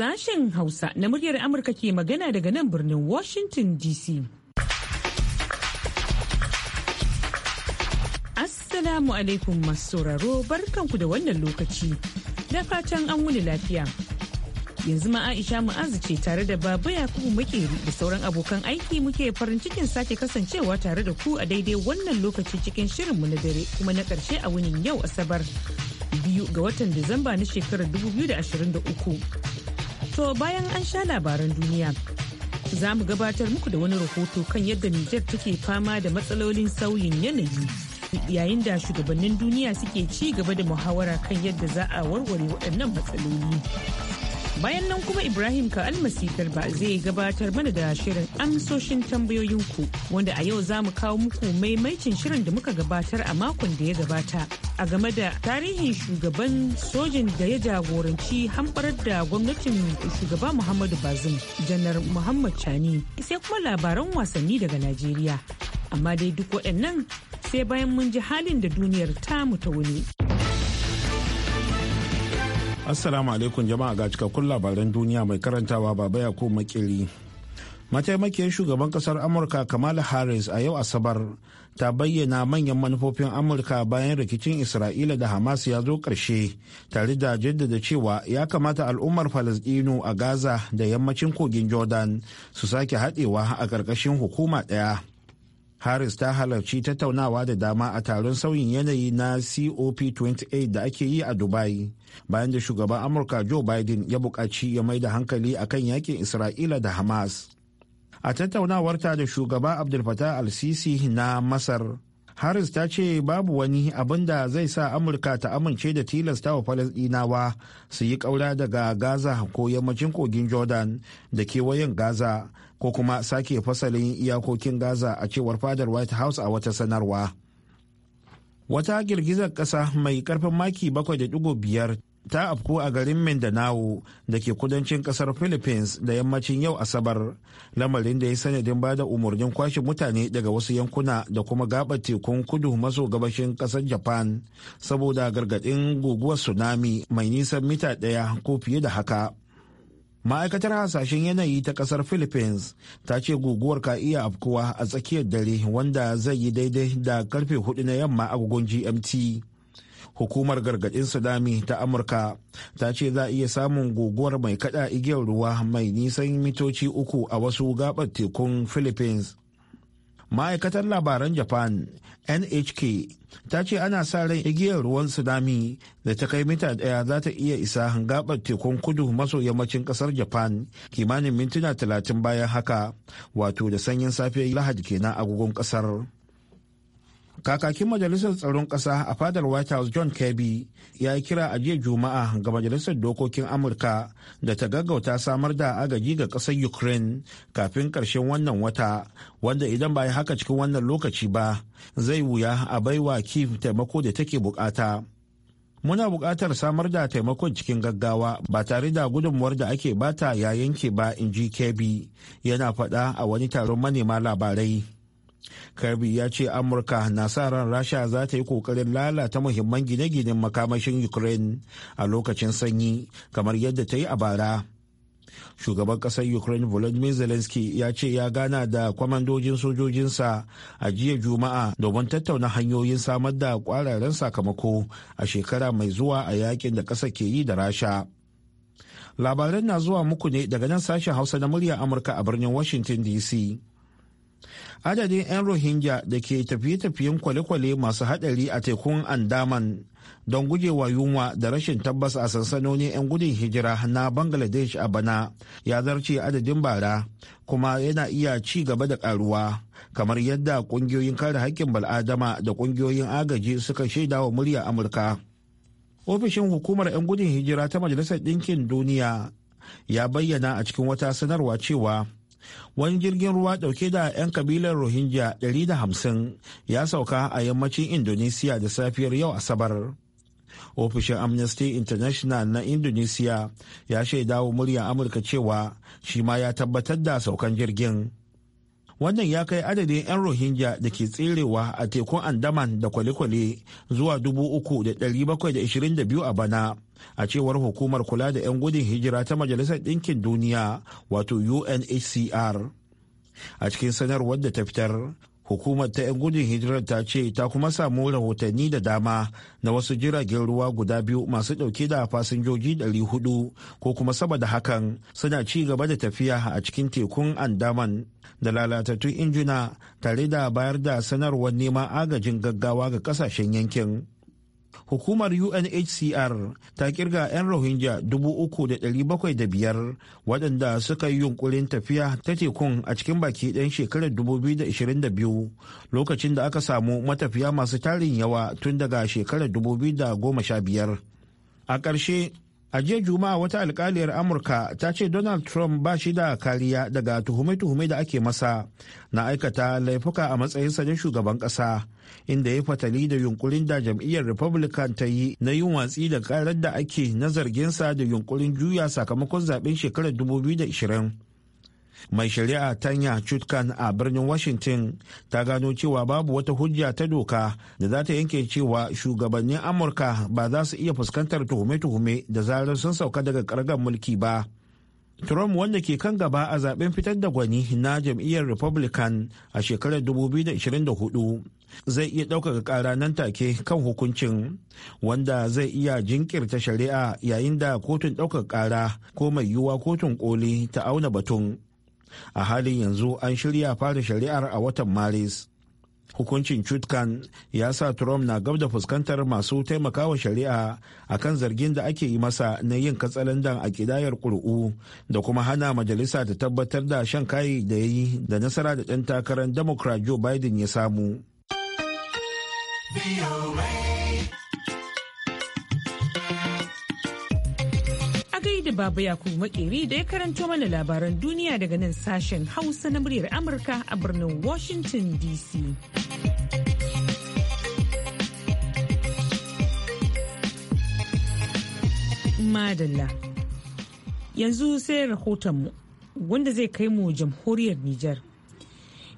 Sashen Hausa na muryar Amurka ke magana daga nan birnin Washington DC. Assalamu alaikum masu sauraro barkanku da wannan lokaci. Da fatan an wuni lafiya. Yanzu ma Aisha Mu'azu ce tare da Baba Yakubu muke da sauran abokan aiki muke farin cikin sake kasancewa tare da ku a daidai wannan lokaci cikin shirinmu na dare kuma na ƙarshe a wunin yau Asabar. biyu ga watan Disamba na shekarar 2023. To bayan an sha labaran duniya, za mu gabatar muku da wani rahoto kan yadda Nijar take fama da matsalolin sauyin yanayi. Yayin da shugabannin duniya suke ci gaba da muhawara kan yadda za a warware waɗannan matsaloli. Bayan nan kuma Ibrahim ka almasi ba zai gabatar mana da shirin amsoshin tambayoyinku wanda a yau za mu kawo muku maimaicin shirin da muka gabatar a makon da ya gabata a game da tarihin shugaban sojin da ya jagoranci hamɓarar da gwamnatin shugaba Muhammadu bazin janar Muhammad Chani sai kuma labaran wasanni daga Najeriya. Amma dai duk waɗannan sai bayan mun ji halin da duniyar tamu ta wuni. Assalamu alaikum jama'a ga cikakkun labaran duniya mai karantawa baba ya ko makili. Mataimakiyar shugaban kasar Amurka Kamala Harris a yau Asabar ta bayyana manyan manufofin Amurka bayan rikicin Isra'ila da Hamas ya zo ƙarshe tare da jaddada cewa ya kamata al'ummar Falasɗinu a Gaza da yammacin kogin Jordan su sake haɗewa a ƙarƙashin hukuma ɗaya. harris ta halarci tattaunawa da dama a taron sauyin yanayi na cop28 da ake yi a dubai bayan da shugaban amurka joe biden ya buƙaci ya mai da hankali a kan yakin isra'ila da hamas a tattaunawarta da shugaba abdul Fattah al-sisi na masar harris ta ce babu wani abin da zai sa amurka ta amince da tilasta wa falasdinawa su yi ƙaura daga gaza ko yammacin kogin jordan da kewayen gaza ko kuma sake fasalin iyakokin gaza a cewar fadar white house a wata sanarwa wata girgizar ƙasa mai karfin maki 7.5 ta afku a garin mindanao da ke kudancin ƙasar philippines da yammacin yau asabar lamarin da ya sanadin ba da umarnin kwashe mutane daga wasu yankuna da kuma gabar tekun kudu maso gabashin ƙasar japan saboda gargaɗin guguwar tsunami mai nisan mita ɗaya ko fiye da haka ma'aikatar hasashen yanayi ta kasar philippines ta ce guguwar ka iya afkuwa a tsakiyar dare wanda zai yi daidai da karfe hudu na yamma a agogon gmt hukumar gargadin tsunami ta amurka ta ce za a iya samun guguwar mai kada igiyar ruwa mai nisan mitoci uku a wasu gabar tekun philippines ma'aikatar labaran japan nhk ta ce ana sa ran igiyar ruwan tsunami da ta kai mita daya za ta iya isa hangabar tekun kudu maso yammacin kasar japan kimanin mintuna talatin bayan haka wato da sanyin safe lahadi kenan agogon kasar kakakin majalisar tsaron ƙasa a fadar white house john kirby ya yi kira a jiya juma'a ga majalisar dokokin amurka da ta gaggauta samar da agaji ga ƙasar ukraine kafin karshen wannan wata wanda idan ba haka cikin wannan lokaci ba zai wuya a baiwa kiev taimako da take bukata muna buƙatar samar da taimakon cikin gaggawa ba tare da gudunmuwar da ake bata ya yanke ba in ji kirby yana faɗa a wani taron manema labarai Kirby ya ce Amurka na sa ran Rasha za ta yi kokarin lalata muhimman gine-ginen makamashin Ukraine a lokacin sanyi kamar yadda ta yi a bara. Shugaban kasar Ukraine Volodymyr Zelensky ya ce ya gana da kwamandojin sojojinsa a jiya Juma'a domin tattauna hanyoyin samar da kwararen sakamako a shekara mai zuwa a yakin da ƙasa ke yi da Rasha. Labaran na zuwa muku ne daga nan sashen Hausa na murya Amurka a birnin Washington DC. adadin 'yan rohingya da ke tafiye-tafiyen kwale-kwale masu hadari a tekun andaman don gujewa yunwa da rashin tabbas a sansanonin 'yan gudun hijira na bangladesh a bana ya zarce adadin bara kuma yana iya ci gaba da karuwa kamar yadda kungiyoyin kare haƙƙin bal'adama da kungiyoyin agaji suka shaida wa murya amurka ofishin hukumar 'yan gudun hijira ta majalisar ɗinkin duniya ya bayyana a cikin wata sanarwa cewa wani jirgin ruwa dauke da 'yan kabilar rohingya 150 ya sauka a yammacin Indonesia da safiyar yau asabar ofishin amnesty international na Indonesia ya shaida wa muryar amurka cewa shi ma ya tabbatar da saukan jirgin wannan ya kai adadin 'yan rohingya da ke tserewa a tekun andaman da kwale-kwale zuwa 3,722 a bana a cewar hukumar kula da 'yan gudun hijira ta majalisar ɗinkin duniya wato unhcr a cikin sanarwar da ta fitar hukumar ta 'yan gudun hijirar ta ce ta kuma samu rahotanni da dama na wasu jiragen ruwa guda biyu masu dauke da fasinjoji 400 ko kuma saboda hakan suna ci gaba da tafiya a cikin tekun andaman da lalatattun injina tare da bayar da sanarwar neman agajin gaggawa ga kasashen yankin. hukumar unhcr ta kirga 'yan rohingya 3,705 waɗanda suka yi yunkurin tafiya ta tekun a cikin baki ɗan shekarar 2022 lokacin da aka samu matafiya masu tarin yawa tun daga shekarar 2015 a ƙarshe a jiya juma'a wata alkaliyar amurka ta ce donald trump ba shi da kariya daga tuhume-tuhume da ake masa na aikata laifuka a matsayinsa na shugaban kasa inda ya fatali da yunkurin da jam'iyyar republican ta yi na yin watsi da karar da ake na zarginsa da yunkurin juya sakamakon zaben shekarar 2020 mai shari'a tanya chutkan a birnin washington ta gano cewa babu wata hujja ta doka da za ta yanke cewa shugabannin amurka ba za su iya fuskantar tuhume-tuhume da zarar sun sauka daga kargar mulki ba Trump wanda ke kan gaba a zaben fitar da gwani na jam'iyyar Republican a shekarar 2024 zai iya ɗaukaka ƙara nan take kan hukuncin wanda zai iya jinkirta shari'a yayin da kotun ɗaukaka ƙara ko mai yiwuwa kotun koli ta auna batun. a halin yanzu an shirya fara shari'ar a watan maris hukuncin chutkan ya sa trump na gab da fuskantar masu taimakawa shari'a a kan zargin da ake yi masa na yin katsalandan a kidayar ƙuri'u da kuma hana majalisa ta tabbatar da shan kayi da ya yi da nasara da ɗan takarar democrat joe biden ya samu. da Baba Yakubu Makeri da ya karanto mana labaran duniya daga nan sashen Hausa na muryar Amurka a birnin Washington DC. Madalla. Yanzu sai rahotonmu wanda zai kai mu jamhuriyar Nijar.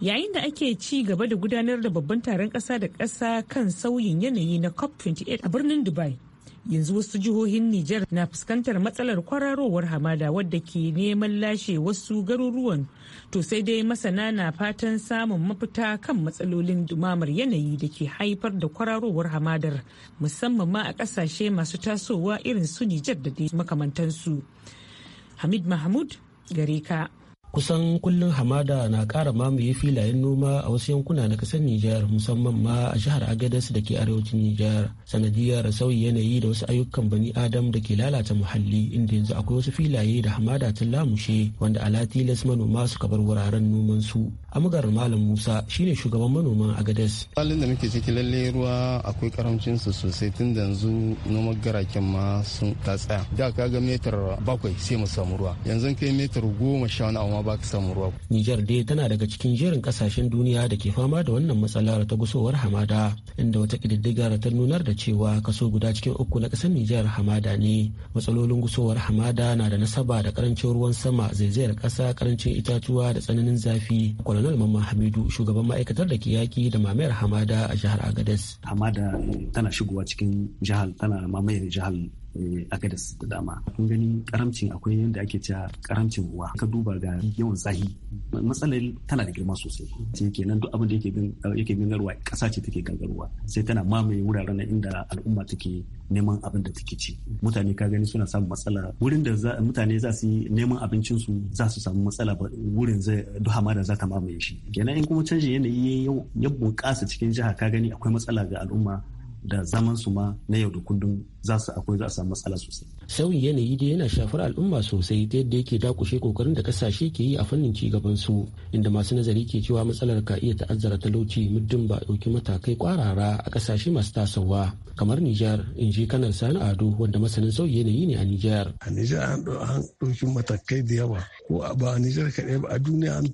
Yayin da ake ci gaba da gudanar da babban taron ƙasa da ƙasa kan sauyin yanayi na COP28 a birnin Dubai. yanzu wasu jihohin Nijar na fuskantar matsalar kwararowar hamada wadda ke neman lashe wasu garuruwan to sai dai masana na fatan samun mafita kan matsalolin dumamar yanayi da ke haifar da kwararowar hamadar musamman ma a kasashe masu tasowa irin su Nijar da dai makamantansu. Hamid Mahmud gareka. kusan kullum hamada na kara mamaye filayen noma a wasu yankuna na kasar Nijar musamman ma a jihar agadas da ke arewacin Nijar sanadiyar sauyi yanayi da wasu ayyukan bani Adam da ke lalata muhalli inda yanzu akwai wasu filaye da hamada ta lamushe wanda a latilas manoma suka bar wuraren noman su. Amugar Malam Musa shine shugaban manoman Agadez. Halin da muke ciki lalle ruwa akwai karamcin su sosai tun da yanzu noman garaken ma sun ta tsaya. Da ka ga metar bakwai sai mu samu ruwa. Yanzu kai metar goma sha wani kuma ba ruwa. Nijar dai tana daga cikin jerin kasashen duniya da ke fama da wannan matsalar ta gusowar hamada inda wata ƙididdigar ta nunar da cewa kaso guda cikin uku na ƙasar Nijar hamada ne. Matsalolin gusowar hamada na da nasaba da karancin ruwan sama zaizayar kasa karancin itatuwa da tsananin zafi. Kwalonel Mamma Hamidu shugaban ma'aikatar da ke yaƙi da mamayar hamada a jihar Agadez. Hamada tana shigowa cikin jihar tana mamayar jihar Eh, aka da dama kun gani karamcin akwai yadda ake cewa karamcin ruwa ka duba ga yawan zahi matsalar tana da girma sosai sai nan duk abin da yake gangarwa ƙasa ce take gangarwa sai tana mamaye wuraren inda al'umma take neman abin da take ci mutane ka gani suna samun matsala wurin da mutane za su yi neman abincin su za su samu matsala ba wurin zai ma da za ta mamaye shi kenan in kuma canjin yanayi ya bunƙasa cikin jiha ka gani akwai matsala ga al'umma da zaman su ma na yau da kullum za su akwai za a samu matsala sosai. Sauyin yanayi dai yana shafar al'umma sosai ta yadda yake dakushe kokarin da kasashe ke yi a fannin ci gaban su inda masu nazari ke cewa matsalar ka iya ta'azzara talauci muddin ba dauki matakai kwarara a kasashe masu tasowa kamar Nijar in ji kanar Sani Ado wanda masanin sauyin yanayi ne a Nijar. A Nijar an ɗauki matakai da yawa ko ba a Nijar kaɗai ba a duniya an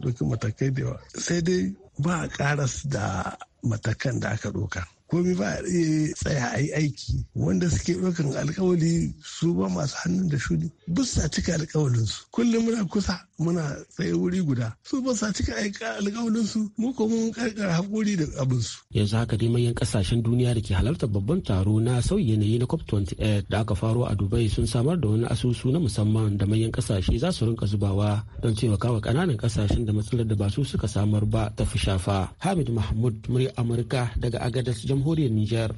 ɗauki matakai da yawa sai dai ba a karas da matakan da aka ɗauka. komai ba a eh, iya tsaya a yi aiki wanda suke ɗaukan alkawali su ba masu hannun da shuni busa cika alkawalinsu kullum muna kusa muna tsaye wuri guda su ba sa cika aika alƙawarin mu ko mun karkar hakuri da abin su yanzu haka dai manyan kasashen duniya da ke halartar babban taro na sauyi yanayi na COP28 da aka faro a Dubai sun samar da wani asusu na musamman da manyan kasashe za su rinka zubawa don cewa taimakawa kananan kasashen da matsalar da ba su suka samar ba ta fi shafa Hamid Mahmud murya Amurka daga Agadas jamhuriyar Nijar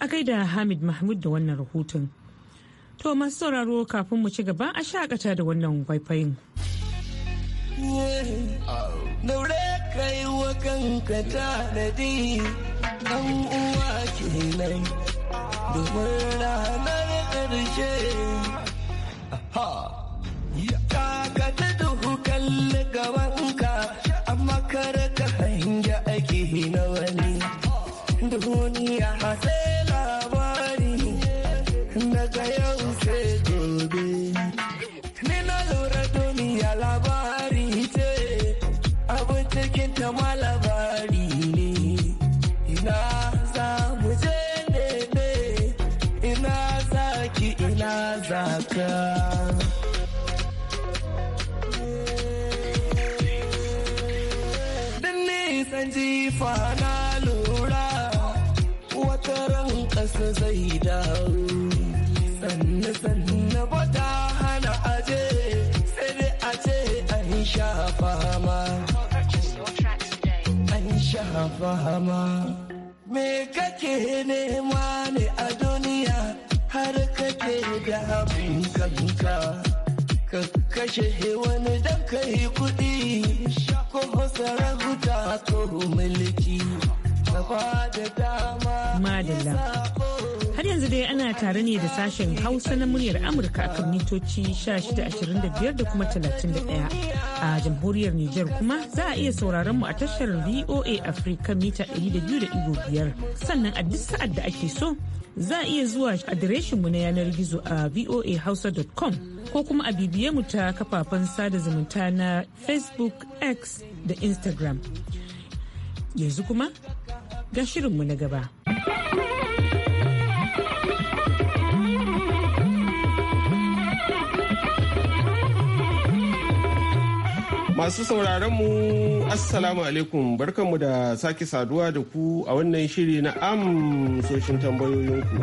a da Hamid Mahmud da wannan rahoton to masu sauraro kafin mu ci gaba a shakata da wannan waifayin. daure kai wa kanka tanadi dan uwa kenan domin ranar ƙarshe ta ka ta duhu kalli gaban San jifa na lura wata ran ƙasa zai dawo Sannan sannan ba ta hana aje sai dai a ce an sha fama an sha fama me kake nema ne a duniya har kake da abin kanka ka kashe wani dan kai kuɗi ko sarauta ko mulki. Madalla. Har yanzu dai ana tare ne da sashen Hausa na muryar Amurka kan mitoci 1625 da kuma 31. A jamhuriyar Nijar kuma za a iya sauraron mu a tashar VOA Africa mita 200.5 sannan a duk sa'ad da ake so za a iya zuwa adireshinmu na yanar gizo a voahausa.com ko kuma a bibiye mu ta kafafen sada zumunta na Facebook, X da Instagram. Yanzu kuma ga shirinmu na gaba. Masu sauraron mu Assalamu alaikum barkanmu da sake saduwa da ku a wannan shiri na amsoshin tambayoyinku.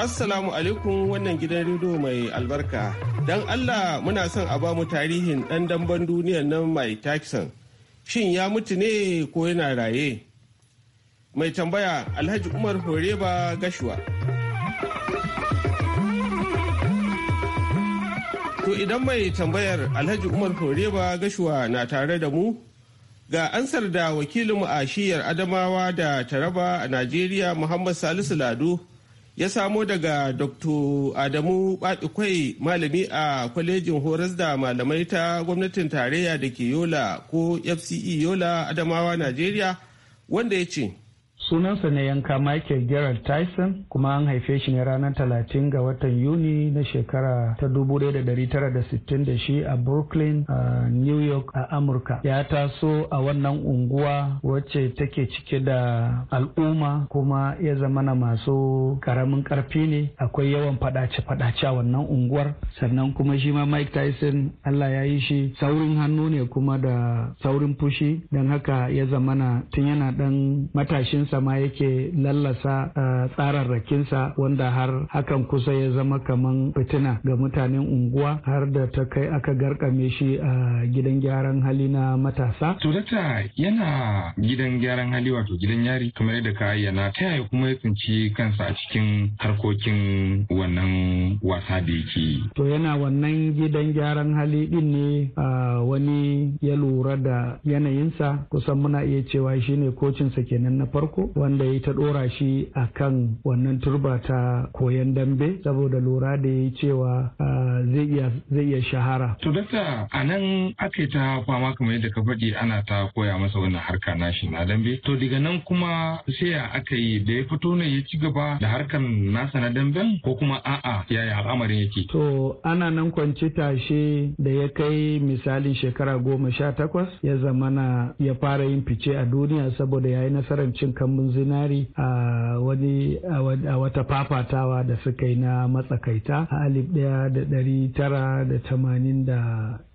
Assalamu alaikum wannan gidan rido mai albarka. Don Allah muna son a ba mu tarihin ɗan damben duniyar nan mai Tyson. Shin ya mutu ne ko yana raye? Mai tambaya Alhaji Umar Horeba Gashuwa. To idan mai tambayar Alhaji Umar Koreba Gashuwa na tare da mu ga ansar da wakilinmu a shiyar Adamawa da Taraba a Najeriya Muhammad Salisu Lado ya samo daga Dr. Adamu Baɗikwai malami a kwalejin horas da malamai ta gwamnatin tarayya da ke Yola ko FCE Yola Adamawa Najeriya wanda ya ce. sunansa ne yanka michael gerald tyson kuma an haife shi ne ranar talatin ga watan yuni na shekara ta da shi a brooklyn a new york a amurka ya taso a wannan unguwa wacce take cike da al'umma kuma ya zamana masu karamin karfi ne akwai yawan fadace-fadace a wannan unguwar sannan kuma shi ma mike tyson allah ya yi shi saurin hannu ne kuma da saurin fushi don haka ya zamana tun yana dan matashinsa haka ma yake lallasa eh, tsararrakinsa wanda har hakan kusa ya zama kaman fitina ga mutanen unguwa har da ta kai aka garkame shi a gidan gyaran hali na matasa. Tudata yana gidan gyaran hali wato gidan yari kamar yadda ka ayyana ta yaya kuma ya tsinci kansa a cikin harkokin wannan wasa da yake. To yana wannan gidan gyaran hali din ne wani ya lura da yanayinsa kusan muna iya cewa shine kocinsa kenan na farko wanda ya ta ɗora shi a kan wannan turba ta koyon dambe saboda lura da ya yi cewa zai iya shahara. To dakta a nan aka ta fama kamar yadda ka faɗi ana ta koya masa wannan harka nashi na dambe. To daga nan kuma sai ya aka yi da ya fito ne ya ci gaba da harkar nasa na dambe? ko kuma a'a yaya al'amarin yake. To ana nan kwance tashe da ya kai misalin shekara goma sha takwas ya zamana ya fara yin fice a duniya saboda ya yi nasarar cin kan samun zinari a wani a wata fafatawa da suka yi na matsakaita a alif ɗaya da ɗari tara da tamanin da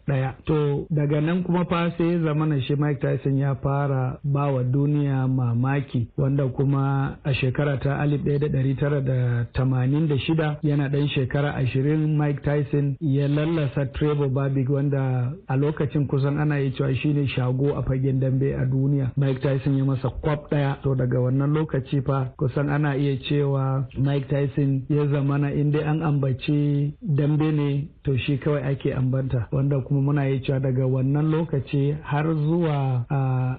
daya to daga nan kuma fa sai ya zama na shi Mike Tyson ya fara bawa duniya mamaki wanda kuma a shekara ta 1986 yana dan shekara 20 Mike Tyson ya lallasa Trevor Babig wanda a lokacin kusan ana yi cewa shine shago a fagen dambe a duniya Mike Tyson ya masa kwab daya to daga wannan lokaci fa kusan ana iya cewa Mike Tyson ya zamana na inda an ambaci dambe ne to shi kawai ake ambanta wanda kuma kuma muna yi cewa daga wannan lokaci har zuwa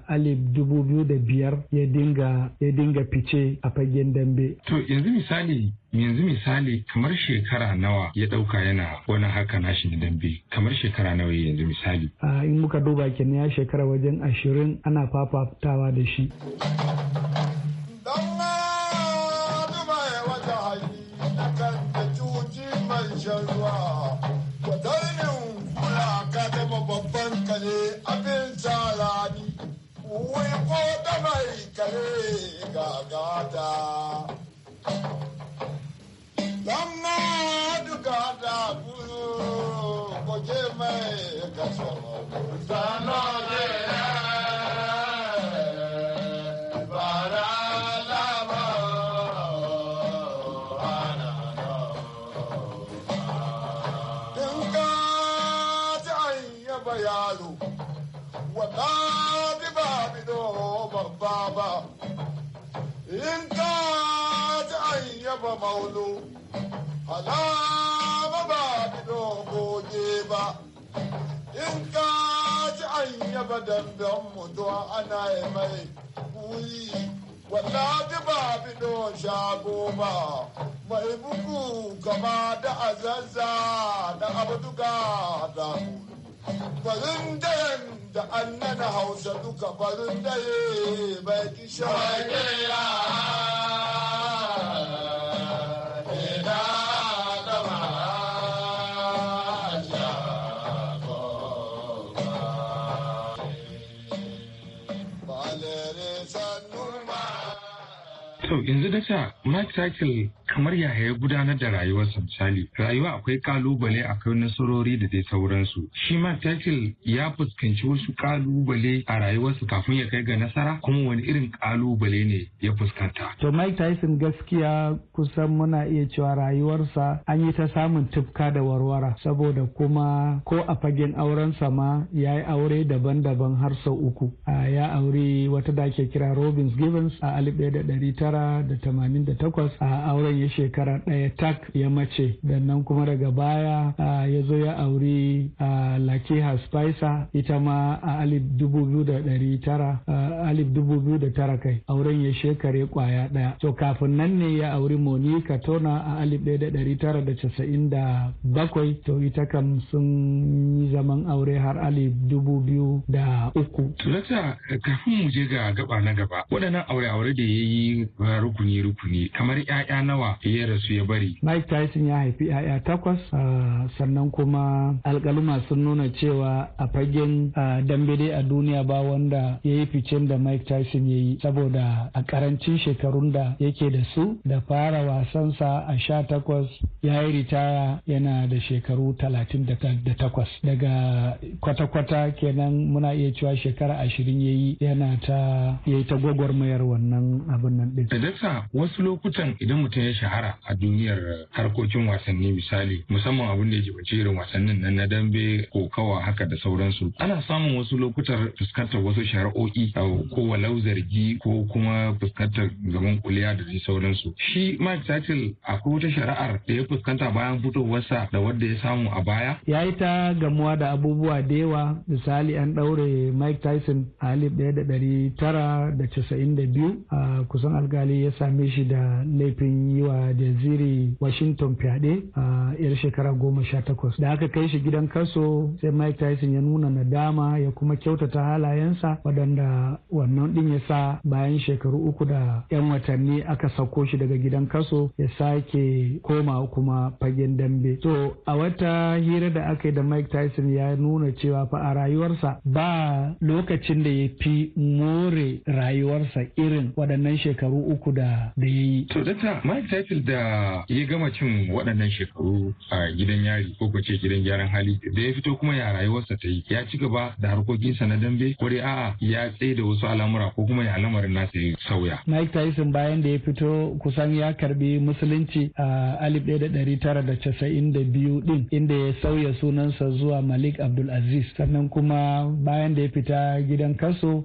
alif dubu biyu da biyar ya dinga fice a fagen dambe. To yanzu misali yanzu misali kamar shekara nawa ya dauka yana wani haka nashi na dambe kamar shekara nawa yanzu misali. A in muka duba kenan ya shekara wajen ashirin ana fafatawa da shi. kare gagata lamma dukata kulu koje mai in ta ta an yaba maulu halama ba bidon goge ba in ka ci an yaba damben mutuwa ana yi mai kuyi wallahi ba bidon shago ba mai bugu kama da azazza da abduga da barin dayan da anna na hausa duka farin dare baki shawarar yanzu dasa Mike Title kamar yahaya ya gudanar da rayuwarsa misali rayuwa akwai kalubale akwai nasarori da dai sauransu shi ma Churchill ya fuskanci wasu kalubale a rayuwarsa kafin ya kai ga nasara kuma wani irin kalubale ne ya fuskanta to Mike Tyson gaskiya kusan muna iya cewa rayuwarsa an yi ta samun tufka da warwara saboda kuma ko a fagen aurensa ma ya yi aure daban-daban har sau uku ya aure wata da ake kira Robins Givens a 1988 a auren ya shekara ɗaya tak ya mace nan kuma daga baya ya zo ya auri lakiha spicer ita ma a alif dubu biyu da tara alif dubu biyu da tara kai auren ya shekare kwaya ɗaya to kafin nan ne ya auri monica tona a alif ɗaya da ɗari tara da casa'in da bakwai to ita kam sun yi zaman aure har alif dubu biyu da uku. kafin mu je ga gaba na gaba waɗannan aure-aure da ya yi rukuni-rukuni kamar 'ya'ya nawa ya rasu ya bari. Mike Tyson ya haifi 'ya'ya takwas sannan kuma alkaluma sun nuna cewa a fagen dambe dai a duniya ba wanda ya yi ficen da Mike Tyson ya yi saboda a karancin shekarun da yake da su da fara wasansa a sha takwas ya yi ritaya yana da shekaru talatin da takwas daga kwata-kwata kenan muna iya cewa shekara ashirin ya yi yana ta ya yi ta gwagwarmayar wannan abin nan ɗin. Da wasu lokutan idan mutum ya shahara a duniyar harkokin wasanni misali musamman abin da ya jibace irin wasannin nan na dambe ko kawa haka da sauransu ana samun wasu lokutan fuskantar wasu shari'o'i ko walau zargi ko kuma fuskantar gaban kuliya da dai sauransu shi Mike Tyson akwai wata shari'ar da ya fuskanta bayan fitowarsa da wadda ya samu a baya ya yi ta gamuwa da abubuwa da yawa misali an ɗaure Mike Tyson a alif ɗaya da ɗari tara da casa'in da biyu a kusan alkali ya same shi da laifin yiwa. wa Desire Washington fyaɗe a yar shekara goma sha takwas. Da aka kai shi gidan kaso sai Mike Tyson ya nuna nadama ya kuma kyautata halayensa waɗanda wannan ɗin ya sa bayan shekaru uku da 'yan watanni aka sauko shi daga gidan kaso ya sake koma kuma fagen dambe. To a wata hira da aka yi da Mike Tyson ya nuna cewa fa a rayuwarsa ba lokacin da ya fi more rayuwarsa irin waɗannan shekaru uku da da ya yi. Faisal da ya gama cin waɗannan shekaru a gidan yari ko ko ce gidan gyaran hali da ya fito kuma ya rayuwarsa ta yi ya ci gaba da harkokinsa na dambe ko dai a'a ya tsaye da wasu al'amura ko kuma ya al'amarin nasa ya sauya. Mike Tyson bayan da ya fito kusan ya karbi musulunci a alif ɗaya da ɗari tara da casa'in da biyu ɗin inda ya sauya sunansa zuwa Malik Abdulaziz sannan kuma bayan da ya fita gidan kaso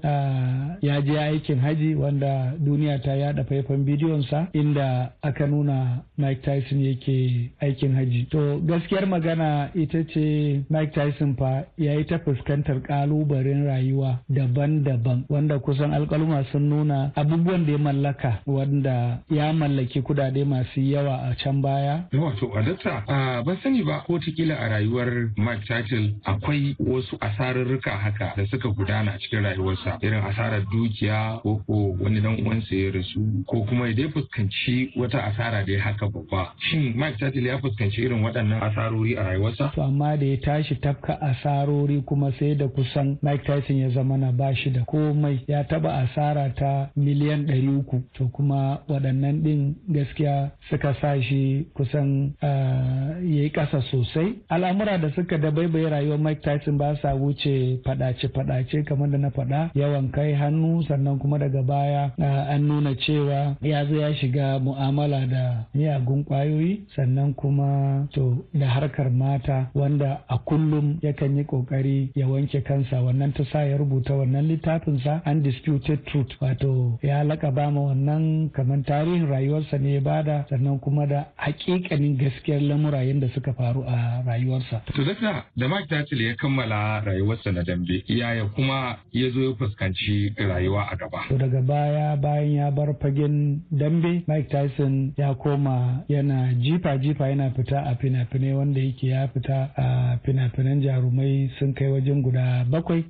ya je aikin haji wanda duniya ta yaɗa faifan bidiyonsa inda aka ka nuna Mike Tyson yake aikin haji. To gaskiyar magana ita ce Mike Tyson fa ya yi ta fuskantar kalubalen rayuwa daban-daban wanda kusan alkaluma sun nuna abubuwan da ya mallaka wanda ya mallaki kudade masu yawa a can baya. Wato adatta ban sani ba ko tikila a rayuwar Mike Tyson akwai wasu asararruka haka da suka gudana cikin rayuwarsa irin asarar dukiya ko ko wani dan uwansa ya rasu ko kuma ya dai fuskanci wata asara da haka babba shin mike tatil ya fuskanci irin waɗannan asarori a rayuwarsa to amma da ya tashi tafka asarori kuma sai da kusan mike tyson ya zama na bashi da komai ya taba asara ta miliyan ɗari uku to kuma waɗannan ɗin gaskiya suka sa shi kusan ah, ya yi ƙasa sosai al'amura da suka dabaibaye rayuwar mike tyson ba sa wuce faɗace-faɗace kamar da na faɗa yawan kai hannu sannan kuma daga baya ah, an nuna cewa ya zo ya shiga mu'amala da miyagun kwayoyi sannan kuma to da harkar mata wanda a kullum yakan yi ƙoƙari ya wanke kansa wannan ta sa ya rubuta wannan littafinsa undisputed truth wato ya laƙaba ma wannan kamar tarihin rayuwarsa ne ya bada sannan kuma da hakikanin gaskiyar lamura yadda suka faru a rayuwarsa. To dakta da Mike Tatil ya kammala rayuwarsa na dambe yaya kuma ya zo ya fuskanci rayuwa a gaba. To daga baya bayan ya bar fagen dambe Mike Tyson ya koma yana jifa-jifa yana fita a fina-finai wanda yake ya fita a fina-finan jarumai sun kai wajen guda bakwai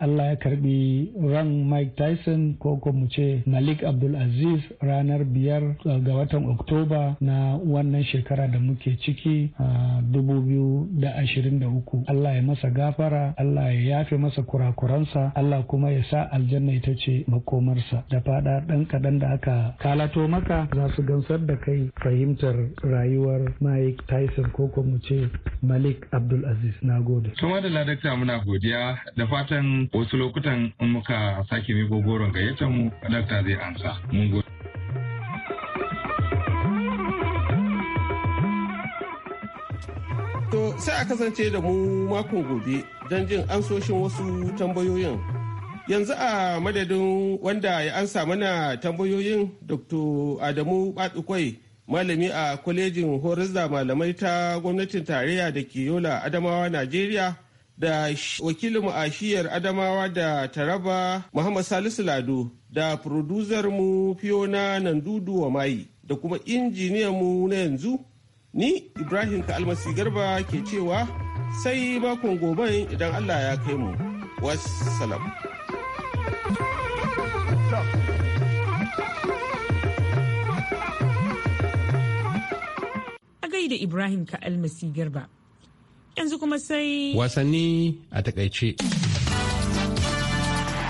Allah ya karbi ran Mike Tyson ko kuma ce Malik Abdulaziz ranar biyar ga watan Oktoba na wannan shekara da muke ciki a uku. Allah ya masa gafara Allah ya yafe masa kurakuransa Allah kuma ya sa aljanna ita ce makomarsa da fada ɗan kaɗan da aka kalato maka za su gansa kwantar da kai fahimtar rayuwar Mike Tyson ko kuma mu ce Malik abdulaziz na gode. Kuma da ladakta muna godiya da fatan wasu lokutan in muka sake mai gogoron gayyatar mu ladakta zai amsa. Mun gode. To sai a kasance da mu makon gobe don jin ansoshin wasu tambayoyin. yanzu a madadin wanda ya ansa mana tambayoyin dr adamu batukwai malami a kwalejin Horizon malamai ta gwamnatin tarayya da ke yola adamawa najeriya da wakilinmu a shiyar adamawa da taraba muhammad salisu lado da mu fiona nandudu wa mai da kuma injiniyanmu na yanzu ni ibrahim kalmasi garba ke cewa sai makon goben idan allah ya kai mu wassalam. da Ibrahim ka almasi Garba. Yanzu kuma sai wasanni a takaice.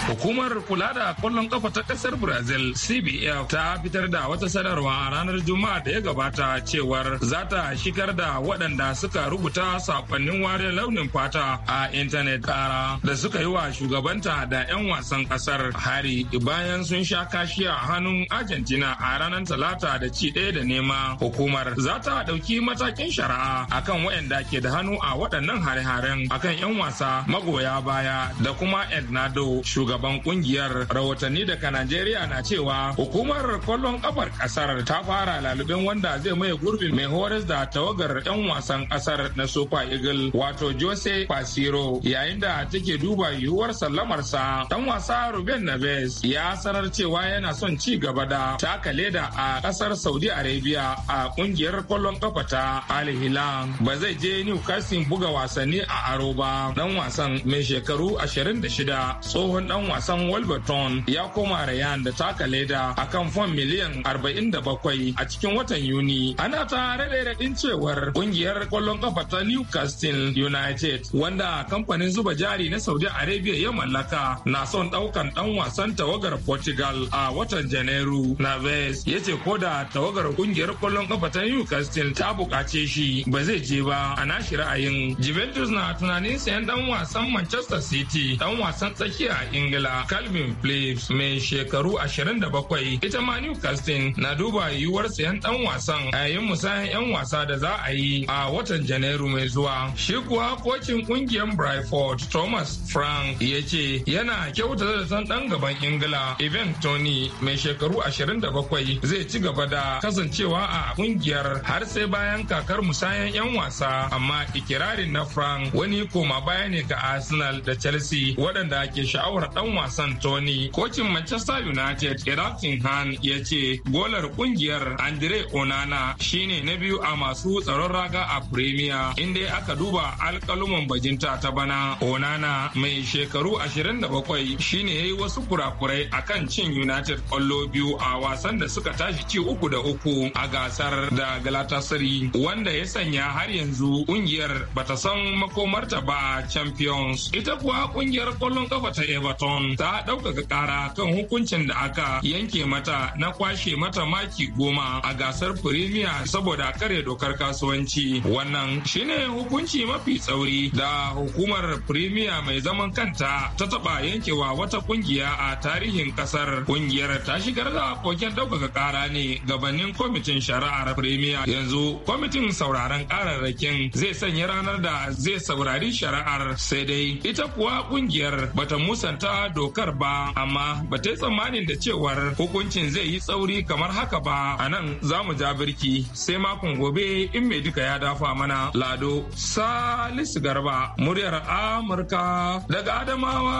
Hukumar kula da kwallon kafa ta ƙasar Brazil CBF ta fitar da wata sanarwa a ranar Juma'a da ya gabata cewar za ta shigar da waɗanda suka rubuta saƙonnin wariyar launin fata a intanet ƙara da suka yi wa shugabanta da 'yan wasan kasar hari bayan sun sha kashi a hannun Argentina a ranar Talata da ci ɗaya da nema. Hukumar za ta ɗauki matakin shari'a akan waɗanda ke da hannu a waɗannan hare-haren akan 'yan wasa magoya baya da kuma Ednado shugaban shugaban kungiyar rahotanni daga Najeriya na cewa hukumar kwallon kafar kasar ta fara lalubin wanda zai maye gurbin mai horas da tawagar 'yan wasan kasar na Super Eagle wato Jose Pasiro yayin da take duba yiwuwar sallamarsa dan wasa Ruben Neves ya sanar cewa yana son ci gaba da taka leda a kasar Saudi Arabia a kungiyar kwallon kafa ta Al Hilal ba zai je Newcastle buga wasanni a aro ba dan wasan mai shekaru 26 tsohon dan wasan Wolverton ya koma Rayan da taka leda a akan fon miliyan 47 a cikin watan Yuni. Ana ta raɗe-raɗin cewar ƙungiyar kwallon ƙafa ta Newcastle United wanda kamfanin zuba jari na Saudi Arabia ya mallaka na son ɗaukan ɗan wasan tawagar Portugal a watan Janairu. Naves ya ce ko da tawagar ƙungiyar kwallon ƙafa ta Newcastle ta buƙace shi ba zai je ba a nashi ra'ayin. Juventus na tunanin sayan ɗan wasan Manchester City ɗan wasan tsakiya a Ingila. ingila calvin phillips mai shekaru 27 ita ma newcastle na duba yiwuwar sayan dan wasan a yayin musayan 'yan wasa da za a yi a watan janairu mai zuwa shi kuwa kocin kungiyar bryford thomas frank ya ce yana kyautata da san dan gaban ingila evan tony mai shekaru 27 zai ci gaba da kasancewa a kungiyar har sai bayan kakar musayan 'yan wasa amma ikirarin na frank wani koma baya ne ga arsenal da chelsea waɗanda ke sha'awar dan dan wasan Tony. Kocin Manchester United Erafin Han ya ce golar kungiyar Andre Onana shine na biyu a masu tsaron raga a Premier inda aka duba alkaluman bajinta ta bana. Onana mai shekaru 27 shine ya yi wasu kurakurai akan cin United kwallo biyu a wasan da suka tashi ci uku da uku a gasar da Galatasaray wanda ya sanya har yanzu kungiyar bata san makomarta ba Champions. Ita kuwa kungiyar kwallon kafa ta Everton ta ɗaukaka ƙara kan hukuncin da aka yanke mata na kwashe mata maki goma a gasar Premier saboda kare dokar kasuwanci. Wannan shine hukunci mafi tsauri da hukumar Premier mai zaman kanta ta taɓa yankewa wata ƙungiya a tarihin ƙasar. Ƙungiyar ta shigar da koken ɗaukaka ƙara ne gabanin kwamitin shari'ar Premier. Yanzu kwamitin sauraron ƙararrakin zai sanya ranar da zai saurari shari'ar sai dai ita kuwa ƙungiyar bata musanta dokar ba amma ba ta yi tsammanin da cewar hukuncin zai yi tsauri kamar haka ba a nan za mu ja birki sai makon gobe in mai duka ya dafa mana lado salisu garba muryar amurka daga adamawa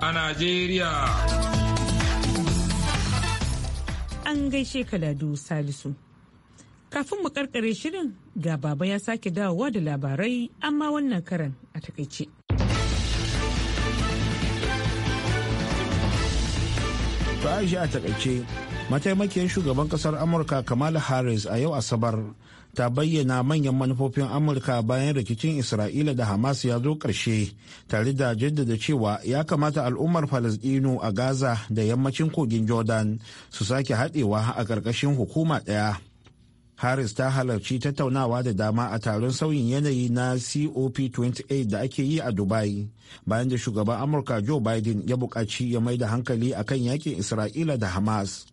a najeriya an gaishe ka lado salisu kafin mu karkare shirin ga baba ya sake dawowa da labarai amma wannan karan a takaice To Aisha a takaice mataimakiyar shugaban kasar Amurka Kamala Harris a yau Asabar ta bayyana manyan manufofin Amurka bayan rikicin Isra'ila da Hamas ya zo karshe tare da jaddada cewa ya kamata al'ummar Falasɗinu a Gaza da yammacin kogin Jordan su sake haɗewa a ƙarƙashin hukuma ɗaya. harris ta halarci tattaunawa da dama a taron sauyin yanayi na cop28 da ake yi a dubai bayan da shugaban amurka joe biden ya buƙaci ya mai da hankali a kan yakin isra'ila da hamas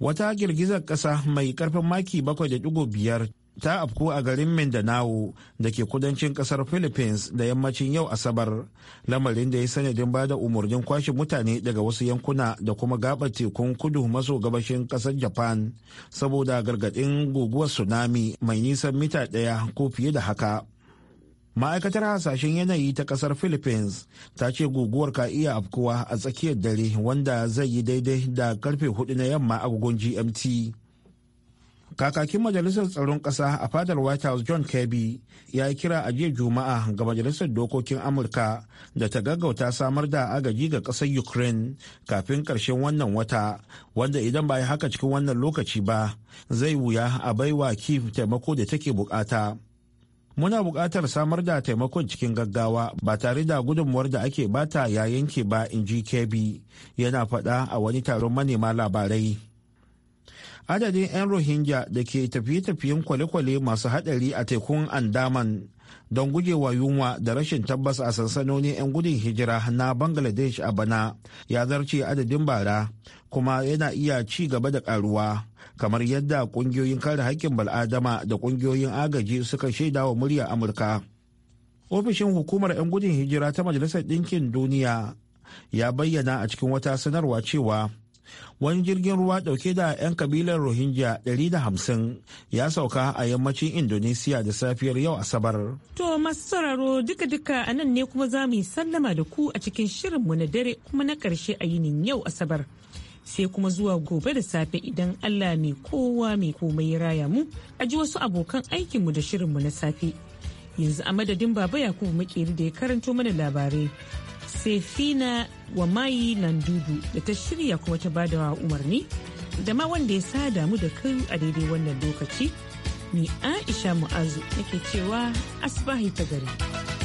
wata girgizar ƙasa mai ƙarfin maki 7.5 ta afku a garin Mindanao da ke kudancin kasar Philippines da yammacin yau Asabar, lamarin da ya sanadin ba da umarnin kwashe mutane daga wasu yankuna da kuma gabar tekun kudu maso gabashin kasar Japan saboda gargadin guguwar tsunami mai nisan mita daya ko fiye da haka. Ma'aikatar hasashen yanayi ta kasar Philippines ta ce guguwar ka iya afkuwa a tsakiyar dare wanda zai yi daidai da karfe hudu na yamma a agogon GMT. kakakin majalisar tsaron ƙasa a fadar white house john kirby ya yi kira a jiya juma'a ga majalisar dokokin amurka da ta gaggauta samar da agaji ga ƙasar ukraine kafin ƙarshen wannan wata wanda idan ba haka cikin wannan lokaci ba zai wuya a baiwa kif taimako da take bukata muna buƙatar samar da taimakon cikin gaggawa ba tare da gudunmuwar da ake bata ya yanke ba in ji kirby yana faɗa a wani taron manema labarai adadin 'yan rohingya da ke tafiye-tafiyen kwale-kwale masu hadari a tekun andaman don gujewa yunwa da rashin tabbas a sansanonin 'yan gudun hijira na bangladesh a bana ya zarce adadin bara kuma yana iya ci gaba da karuwa kamar yadda kungiyoyin kare haƙƙin bal'adama da kungiyoyin agaji suka shaida wa murya amurka ofishin hukumar 'yan gudun hijira ta majalisar ɗinkin duniya ya bayyana a cikin wata sanarwa cewa wani jirgin ruwa dauke da 'yan kabilar rohingya 150 ya sauka a yammacin indonesiya da safiyar yau asabar to masu sauraro duka-duka a nan ne kuma za mu yi sallama da ku a cikin shirinmu na dare kuma na karshe a yinin yau asabar sai kuma zuwa gobe da safe idan allah mai kowa mai komai raya mu a ji wasu abokan aikinmu da shirinmu na safe yanzu a madadin baba yakubu makeri da ya karanto mana labarai Sefina wa Mai dubu da ta shirya kuma ta bada umarni da ma wanda ya sa damu da kai a daidai wannan lokaci. Ni Aisha Mu'azu nake cewa asbahi ta gari.